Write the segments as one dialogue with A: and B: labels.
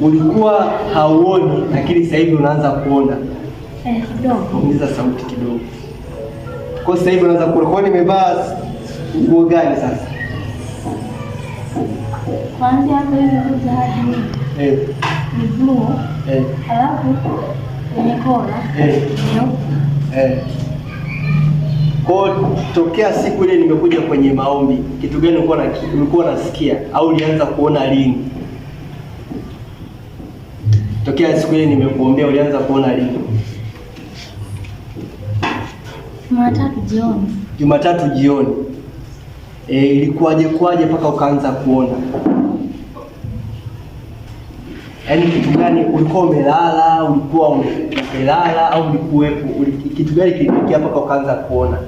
A: ulikuwa hauoni, lakini sasa hivi unaanza kuona eh, Ongeza sauti kidogo. Kwa sasa hivi unaanza kuona. Kwa nimevaa nguo gani sasa?
B: Kwanza hapo kuja hadi eh, ni blue eh, alafu kola
A: eh, eh kwa tokea siku ile nimekuja kwenye maombi, kitu gani ulikuwa unasikia au ulianza kuona lini? Tokea siku ile nimekuombea ulianza kuona lini?
B: Jumatatu jioni.
A: Jumatatu jioni. E, ilikuwaje kwaje mpaka ukaanza kuona? Yaani kitu gani ulikuwa umelala, ulikuwa umelala au ulikuwepo? Kitu gani kilitokea mpaka ukaanza kuona?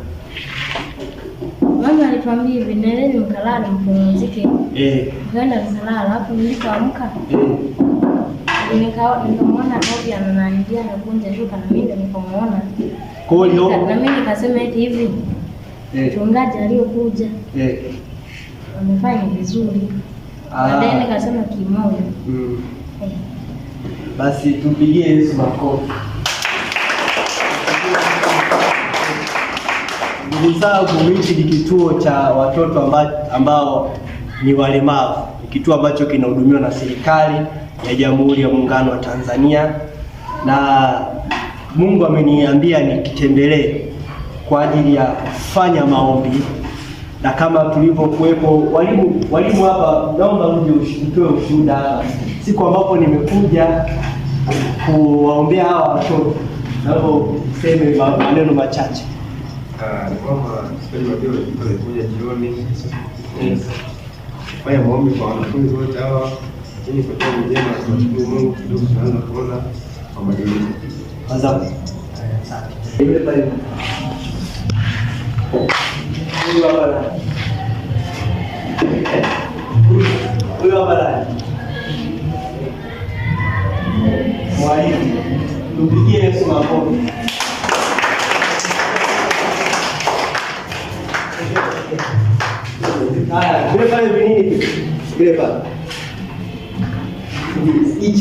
B: Mama alituambia hivi, nendeni mkalale mpumzike. Eh. Nikaenda nikalala, alafu nilipoamka eh nikamwona ananiambia shuka, na mimi na mimi nikasema eti hivi eh. aliyokuja eh. amefanya vizuri, ah. baadaye nikasema kimoyo.
A: Mm. Eh. Basi tumpigie Yesu makofi. Ndugu zangu, hichi ni kituo cha watoto ambao, ambao ni walemavu, ni kituo ambacho kinahudumiwa na serikali ya Jamhuri ya Muungano wa Tanzania, na Mungu ameniambia nikitembelee kwa ajili ya kufanya maombi, na kama tulivyokuwepo walimu walimu hapa, naomba mje mtoe ushuhuda hapa siku ambapo nimekuja kuwaombea hawa watoto, naomba seme maneno machache.
C: Ah, jioni kwa maombi kwa wanafunzi wote hawa nipatia njema tuwashukuru Mungu kidogo, tunaanza kuona mabadiliko.
A: Huyu hapa nani? Mwalimu, tupigie Yesu makofi. Haya, vile pale vinini vile pale e